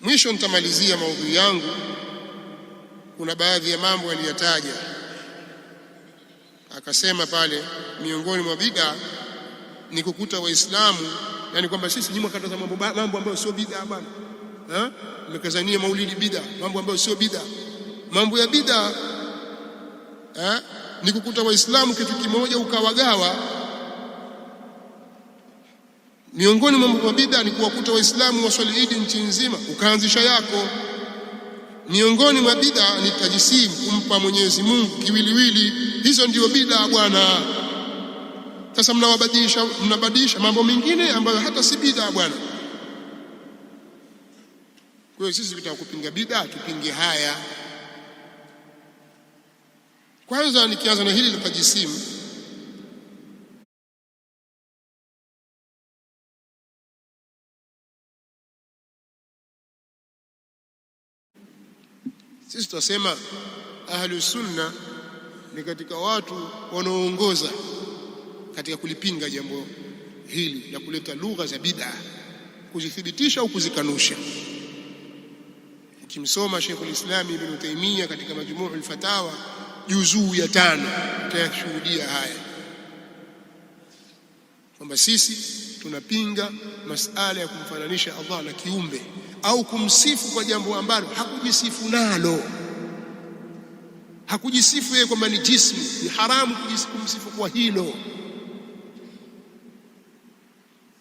Mwisho nitamalizia maudhui yangu. Kuna baadhi ya mambo aliyataja, akasema pale, miongoni mwa bid'a ni kukuta Waislamu, yani kwamba sisi nyuma kata mambo mambo ambayo sio bid'a bana, ha mmekazania maulidi bid'a, mambo ambayo sio bid'a. Mambo ya bid'a ni kukuta Waislamu kitu kimoja ukawagawa Miongoni mwa mambo bid'a ni kuwakuta Waislamu waswali Idi nchi nzima, ukaanzisha yako. Miongoni mwa bid'a ni tajisim kumpa Mwenyezi Mungu kiwiliwili. Hizo ndio bid'a bwana. Sasa mnawabadilisha, mnabadilisha mambo mengine ambayo hata si bid'a bwana. Kwa hiyo sisi tutaka kupinga bid'a, tupinge haya. Kwanza nikianza na hili la tajisimu Sisi tutasema ahlu sunna ni katika watu wanaoongoza katika kulipinga jambo hili la kuleta lugha za bid'a, kuzithibitisha au kuzikanusha. Ukimsoma Sheikh al-Islam Ibn Taymiyyah katika Majmuu al-Fatawa juzuu ya tano utayashuhudia haya kwamba sisi tunapinga masala ya kumfananisha Allah na kiumbe au kumsifu kwa jambo ambalo hakujisifu nalo. Hakujisifu yeye kwamba ni jismu, ni haramu kumsifu kwa hilo.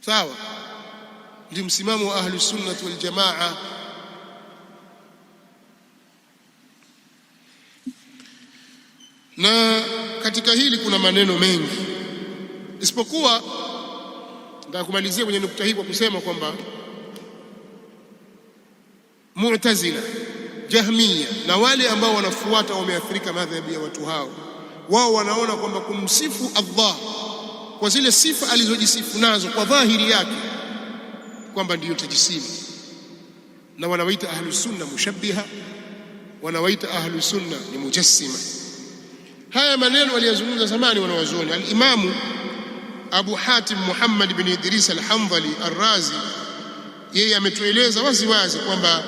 Sawa, ndio msimamo wa wal Waljamaa. Na katika hili kuna maneno mengi, isipokuwa nitakumalizia kwenye nukta hii kwa kusema kwamba Mu'tazila, Jahmiya na wale ambao wanafuata wameathirika madhhabi ya watu hao, wao wanaona kwamba kumsifu Allah kwa zile sifa alizojisifu nazo kwa dhahiri yake kwamba ndiyo tajisimu, na wanawaita ahlusunna mushabbiha, wanawaita ahlusunna ni mujassima. Haya maneno waliyazungumza zamani wanawazuoni Alimamu Abu Hatim Muhammad bin Idris Alhandhali Arrazi, yeye ametueleza wazi wazi kwamba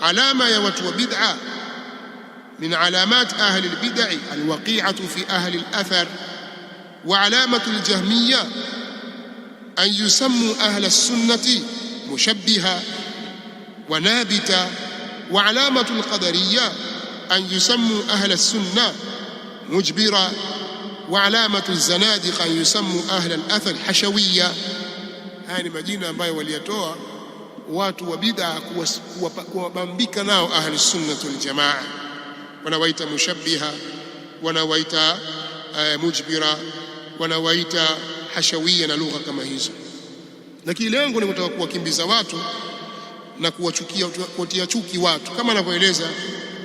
alama ya watu wa bid'a min alamat ahli albid'i alwaqi'atu fi ahli alathar wa alamatu aljahmiyya an yusammu ahli as-sunnati mushabbiha wa nabita wa alamatu alqadariyya an yusammu ahli as-sunnah mujbira وعلامة الزنادقة يسموا أهل الأثر حشوية هذه مدينة ambayo waliyatoa watu wa bid'a kuwabambika nao ahli sunnati wal jamaa, wanawaita mushabbiha, wanawaita uh, mujbira, wanawaita hashawia na lugha kama hizo, lakini lengo ni kutaka kuwakimbiza watu na kuwachukia kuwatia chuki watu, kama anavyoeleza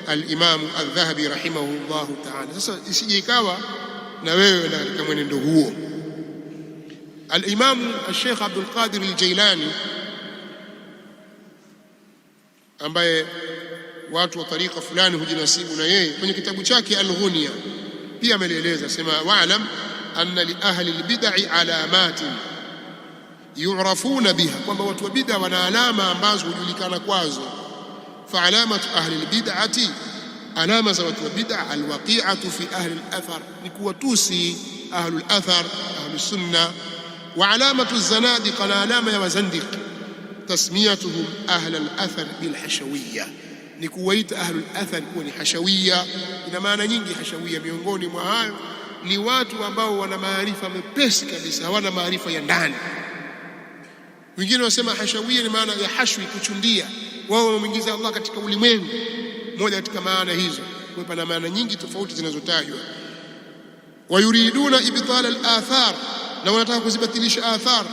alimamu Aldhahabi rahimahullahu taala. Sasa isije ikawa na wewe na katika mwenendo huo. Alimamu Alshekh Abdulqadir Aljailani ambaye watu wa tarika fulani hujinasibu na yeye. Kwenye kitabu chake Alghunia pia amelieleza sema, waalam anna li ahli albid'i alamatin yurafuna biha, kwamba watu wa bid'a wana alama ambazo hujulikana kwazo. Fa alamatu ahli albid'ati, alama za watu wa bid'a, alwaqi'atu fi ahli lathar ni kuwatusi ahli alathar, ahli sunna. Wa alamatu zanadiqa, na alama ya wazandiki tasmiyatuhum ahla al-athar bil hashawiyya, ni kuwaita ahlu al-athar kuwa ni hashawiyya. Ina maana nyingi hashawiyya, miongoni mwa hayo ni watu ambao wana maarifa mepesi kabisa, hawana maarifa ya ndani. Wengine wanasema hashawiyya ni maana ya hashwi, kuchundia. Wao wameingiza Allah katika ulimwengu, moja katika maana hizo. Kwa pana maana nyingi tofauti zinazotajwa. Wayuriduna ibtala al-athar, na wanataka kuzibatilisha athar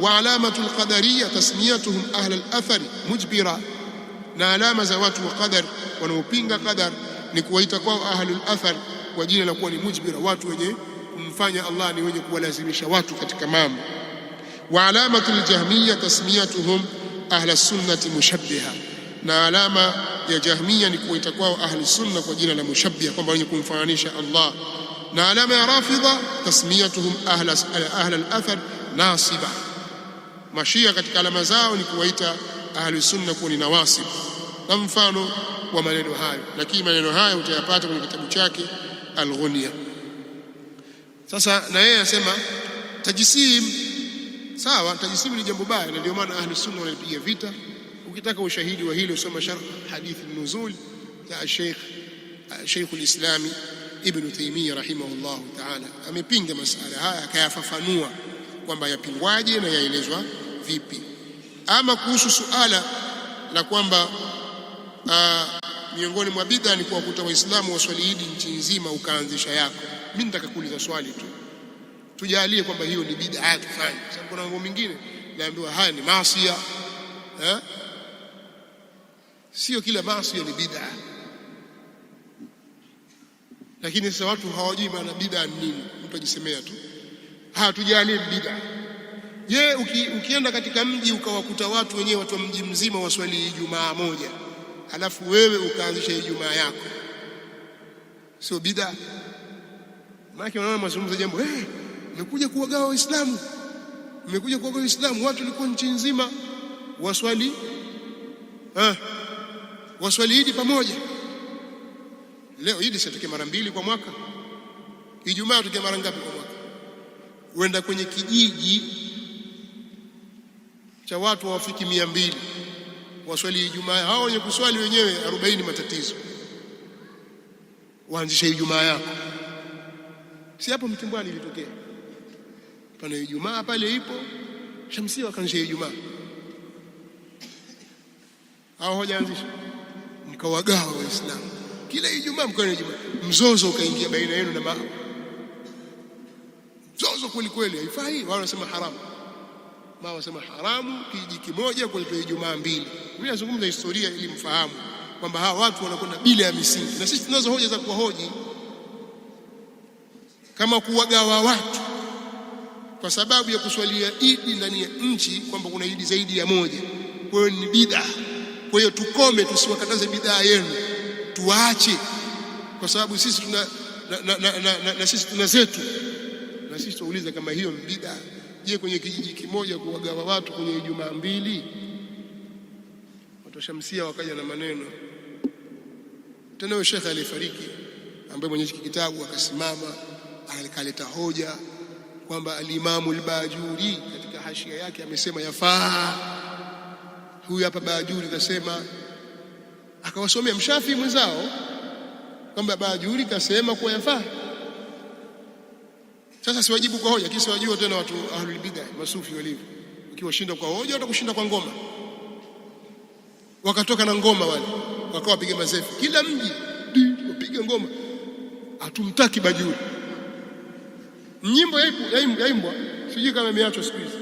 wa alamatu alqadariya tasmiyatuhum ahla alathari mujbira, na alama za watu wa qadar wanaopinga qadar ni kuwaita kwao ahlul athar kwa jina la kuwa ni mujbira, watu wenye kumfanya Allah ni wenye kuwalazimisha watu katika mambo. Wa alamatu aljahmiya tasmiyatuhum ahla sunnati mushabbiha, na alama ya jahmiya ni kuwaita kwao ahli sunna kwa jina la mushabbiha, kwamba wenye kumfananisha Allah. Na alama ya rafidha tasmiyatuhum ahla alathar nasiba Mashia katika alama zao ni kuwaita ahlusunna kuwa ni nawasib na mfano wa maneno hayo, lakini maneno hayo utayapata kwenye kitabu chake Alghunia. Sasa na yeye anasema tajisim, sawa. tajisim ni jambo baya, na ndio maana ahlusunna wanaipiga vita. Ukitaka ushahidi wa hilo, soma sharh hadithi nuzul ya Sheikh Sheikhul Alislami Ibn Taymiyyah rahimahullahu taala, amepinga masala haya akayafafanua kwamba yapingwaje na yaelezwa vipi? Ama kuhusu suala la kwamba ah, miongoni mwa bidha ni kuwakuta Waislamu waswali Idi nchi nzima ukaanzisha yako. Mimi nitaka kuuliza swali tu, tujalie kwamba hiyo ni haya tufanye kwa sababu kuna mambo mengine naambiwa haya ni maasia ha? Eh? Sio kila maasia ni bidha lakini sasa watu hawajui maana bidha ni nini, mtu ajisemea tu, hatujalie bid'a Je, uki, ukienda katika mji ukawakuta watu wenyewe watu wa mji mzima waswali Ijumaa moja, alafu wewe ukaanzisha Ijumaa yako, sio bidaa? Maanake wanaona mazungumzo jambo, hey, eh, mmekuja kuwagawa Waislamu, mmekuja kuwagawa Waislamu. Watu walikuwa nchi nzima waswali ha, waswali Idi pamoja. Leo Idi siatokea mara mbili kwa mwaka, Ijumaa atokea mara ngapi kwa mwaka? Uenda kwenye kijiji cha watu hawafiki mia mbili waswali Ijumaa. Hao wenye kuswali wenyewe arobaini matatizo, waanzishe Ijumaa yako. Si hapo Mtimbwani ilitokea, pana Ijumaa pale ipo Shamsia, wakaanzisha Ijumaa hao, hojaanzisha mkawagawa Waislamu kila Ijumaa mkawa na Ijumaa, mzozo ukaingia baina yenu na mao, mzozo kweli kweli, haifai. Wao wanasema haramu maana wasema haramu kijiji kimoja kulipa Ijumaa mbili. Mimi nazungumza historia ili mfahamu kwamba hawa watu wanakwenda bila ya misingi, na sisi tunazo hoja za kuwahoji kama kuwagawa watu kwa sababu ya kuswalia idi ndani ya nchi, kwamba kuna idi zaidi ya moja. Kwa hiyo ni bid'a. Kwa hiyo tukome, tusiwakataze bidhaa yenu, tuwaache, kwa sababu sisi tuna na, na, na, na, na, na sisi tuna zetu, na sisi tuwauliza kama hiyo ni bid'a. Je, kwenye kijiji kimoja kuwagawa watu kwenye Ijumaa mbili? Watu Shamsia wakaja na maneno tena. Huyo shekhe aliyefariki ambaye mwenye kitabu akasimama akaleta hoja kwamba alimamu al-Bajuri katika hashia yake amesema yafaa. Huyu hapa Bajuri kasema, akawasomea mshafi mwenzao kwamba Bajuri kasema kuwa yafaa. Sasa siwajibu kwa hoja, lakini siwajua tena watu ahlul bid'ah masufi walivyo. Ukiwashinda kwa hoja watakushinda kwa ngoma. Wakatoka na ngoma wale, wakawa wapiga mazefu kila mji, wapiga ngoma. Hatumtaki Bajuri, nyimbo yaimbwa, sijui kama imeachwa siku hizi.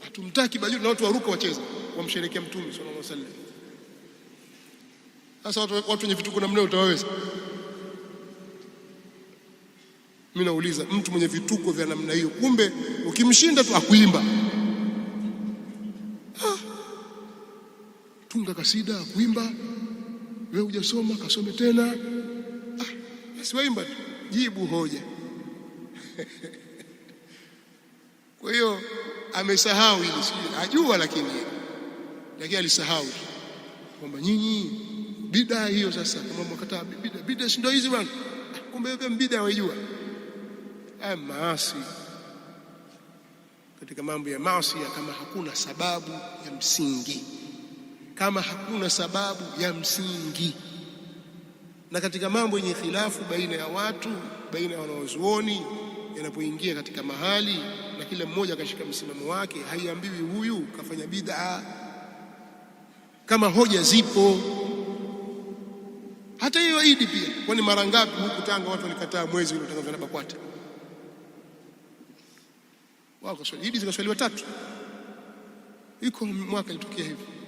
Hatumtaki Bajuri na watu waruka, wacheza, wamsherekea Mtume sallallahu alaihi wasallam. Sasa watu wenye vituko namna utawaweza? Mimi nauliza mtu mwenye vituko vya namna hiyo, kumbe ukimshinda tu akuimba ah. Tunga kasida akuimba, wewe hujasoma, kasome tena ah. Asiwaimba tu, jibu hoja kwa hiyo amesahau hili, ajua lakini lakini alisahau kwamba nyinyi bidaa hiyo. Sasa kama mkataa bidaa, bidaa si ndio hizi bwana, ah, kumbe mbida waijua maasi, katika mambo ya maasi, kama hakuna sababu ya msingi, kama hakuna sababu ya msingi. Na katika mambo yenye khilafu baina ya watu, baina ya wanaozuoni yanapoingia katika mahali na kila mmoja akashika msimamo wake, haiambiwi huyu kafanya bid'a, kama hoja zipo hata hiyo Idi pia, kwani mara ngapi huku Tanga watu walikataa mwezi uliotangazwa na BAKWATA? wao kaswali hidi zikaswaliwa tatu, iko mwaka ilitokea hivi.